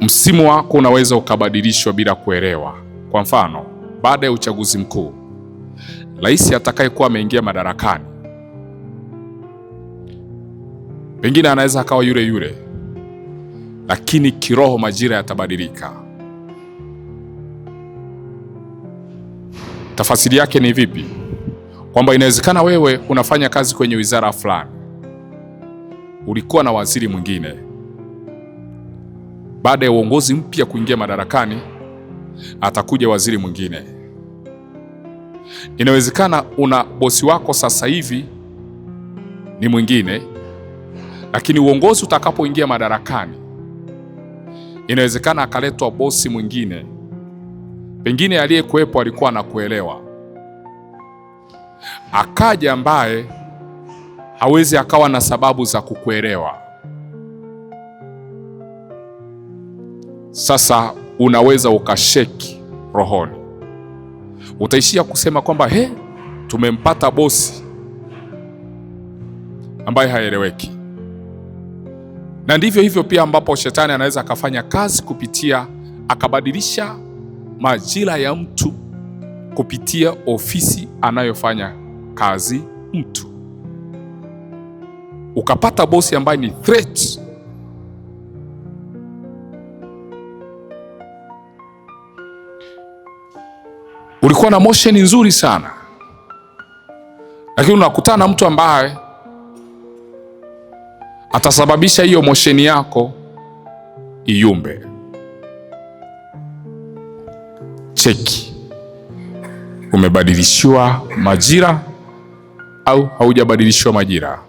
Msimu wako unaweza ukabadilishwa bila kuelewa. Kwa mfano, baada ya uchaguzi mkuu, rais atakayekuwa ameingia madarakani pengine anaweza akawa yule yule, lakini kiroho majira yatabadilika. Tafasiri yake ni vipi? Kwamba inawezekana wewe unafanya kazi kwenye wizara fulani, ulikuwa na waziri mwingine baada ya uongozi mpya kuingia madarakani, atakuja waziri mwingine. Inawezekana una bosi wako sasa hivi ni mwingine, lakini uongozi utakapoingia madarakani, inawezekana akaletwa bosi mwingine, pengine aliyekuwepo alikuwa anakuelewa, akaja ambaye hawezi akawa na sababu za kukuelewa Sasa unaweza ukasheki rohoni, utaishia kusema kwamba he, tumempata bosi ambaye haeleweki. Na ndivyo hivyo pia ambapo shetani anaweza akafanya kazi kupitia, akabadilisha majira ya mtu kupitia ofisi anayofanya kazi mtu, ukapata bosi ambaye ni threat ulikuwa na motion nzuri sana, lakini unakutana na mtu ambaye atasababisha hiyo mosheni yako iyumbe. Cheki umebadilishiwa majira au haujabadilishiwa majira.